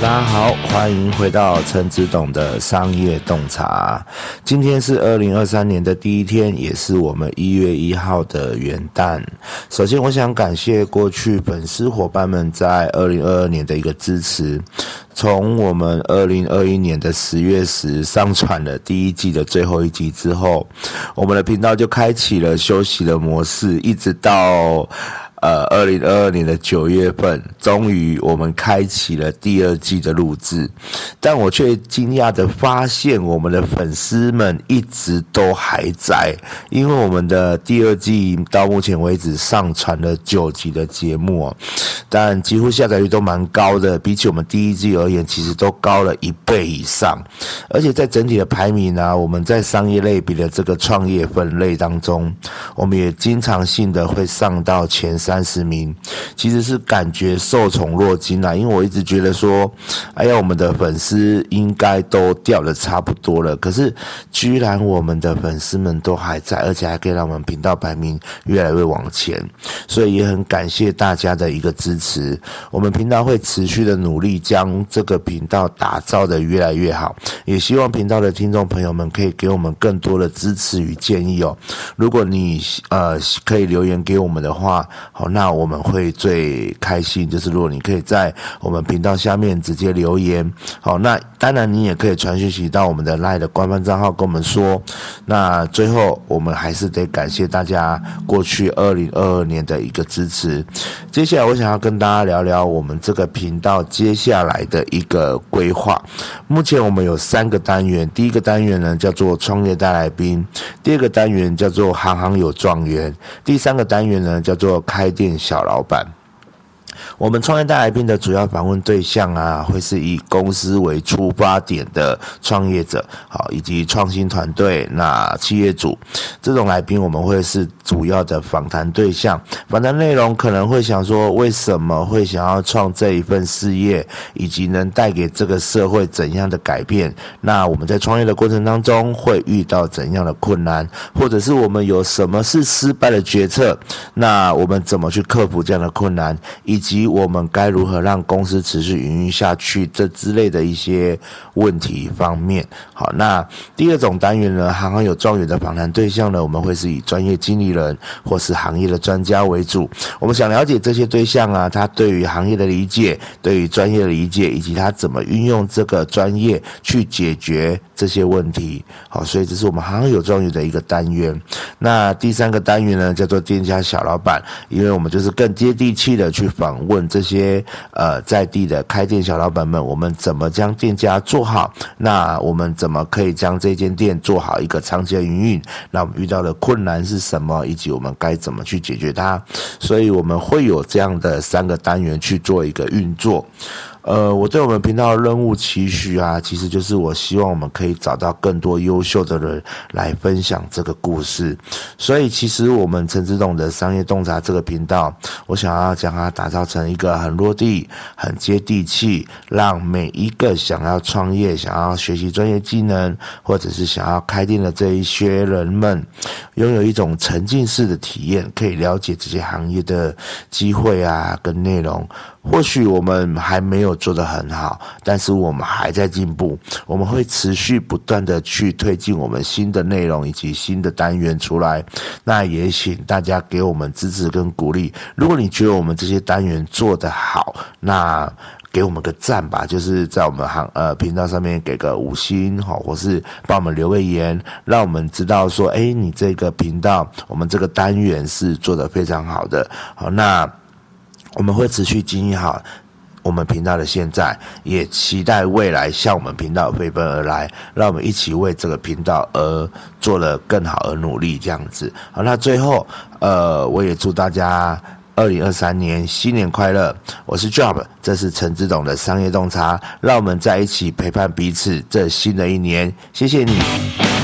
大家好，歡迎回到陳執董的商業洞察。今天是二零二三年的第一天，也是我們一月一號的元旦。首先，我想感謝過去粉絲夥伴們在二零二二年的一個支持。從我們二零二一年的十月十上傳了第一季的最後一集之後，我們的頻道就開啟了休息的模式，一直到，呃，二零二二年的九月份，終於我們開啟了第二季的錄製，但我卻驚訝的發現，我們的粉絲們一直都還在，因為我們的第二季到目前為止上傳了九集的節目啊，但幾乎下載率都蠻高的，比起我們第一季而言，其實都高了一倍以上，而且在整體的排名啊，我們在商業類比的這個創業分類當中，我們也經常性的會上到前三。三十名，其實是感覺受寵若驚啦、啊，因為我一直覺得說，哎呀，我們的粉絲應該都掉得差不多了，可是居然我們的粉絲們都還在，而且還可以讓我們頻道排名越來越往前，所以也很感謝大家的一個支持。我們頻道會持續的努力，將這個頻道打造得越來越好，也希望頻道的聽眾朋友們可以給我們更多的支持與建議哦。如果你呃可以留言給我們的話。好，那我們會最開心，就是如果你可以在我們頻道下面直接留言。好，那當然你也可以傳訊息到我們的 LINE 的官方賬號跟我們說。那最後我們還是得感謝大家過去二零二二年的一個支持。接下來我想要跟大家聊聊我們這個頻道接下來的一個規劃。目前我們有三個單元，第一個單元呢叫做“創業大來賓”，第二個單元叫做“行行有狀元”，第三個單元呢叫做“開”。店小老板。我們創業大來賓的主要訪問對象啊，會是以公司為出發點的創業者，好，以及創新團隊，那企業主這種來賓，我們會是主要的訪談對象。訪談內容可能會想說，為什麼會想要創這一份事業，以及能帶給這個社會怎樣的改變？那我們在創業的過程當中會遇到怎樣的困難，或者是我們有什麼是失敗的決策？那我們怎麼去克服這樣的困難？以以及我們該如何讓公司持續營運下去，這之類的一些問題方面，好，那第二種單元呢？行行有狀元的訪談對象呢，我們會是以專業經理人或是行業的專家為主。我們想了解這些對象啊，他對於行業的理解、對於專業的理解，以及他怎麼運用這個專業去解決這些問題。好，所以這是我們行行有狀元的一個單元。那第三個單元呢，叫做店家小老闆，因為我們就是更接地氣的去訪。問這些呃、在地的開店小老闆們，我們怎麼將店家做好？那我們怎麼可以將這間店做好一個長期營運？那我們遇到的困難是什麼？以及我們該怎麼去解決它？所以我們會有這樣的三個單元去做一個運作。呃，我對我們頻道的任務期許啊，其實就是我希望我們可以找到更多優秀的人來分享這個故事。所以，其實我們陳執董的商業洞察這個頻道，我想要將它打造成一個很落地、很接地氣，讓每一個想要創業、想要學習專業技能，或者是想要開店的這一些人們，擁有一種沉浸式的體驗，可以了解這些行業的機會啊跟內容。或許我們還沒有做得很好，但是我們還在進步。我們會持續不斷的去推進我們新的內容以及新的單元出來。那也請大家給我們支持跟鼓勵。如果你覺得我們這些單元做得好，那給我們個讚吧，就是在我們行呃頻道上面給個五星，好，或是幫我們留個言，讓我們知道說，欸，你這個頻道，我們這個單元是做得非常好的。好，那。我們會持續經營好我們頻道的現在，也期待未來向我們頻道飛奔而來。讓我們一起為這個頻道而做得更好而努力，這樣子。好，那最後，呃，我也祝大家二零二三年新年快樂。我是 Job，這是陳執董的商業洞察。讓我們在一起陪伴彼此這新的一年。謝謝你。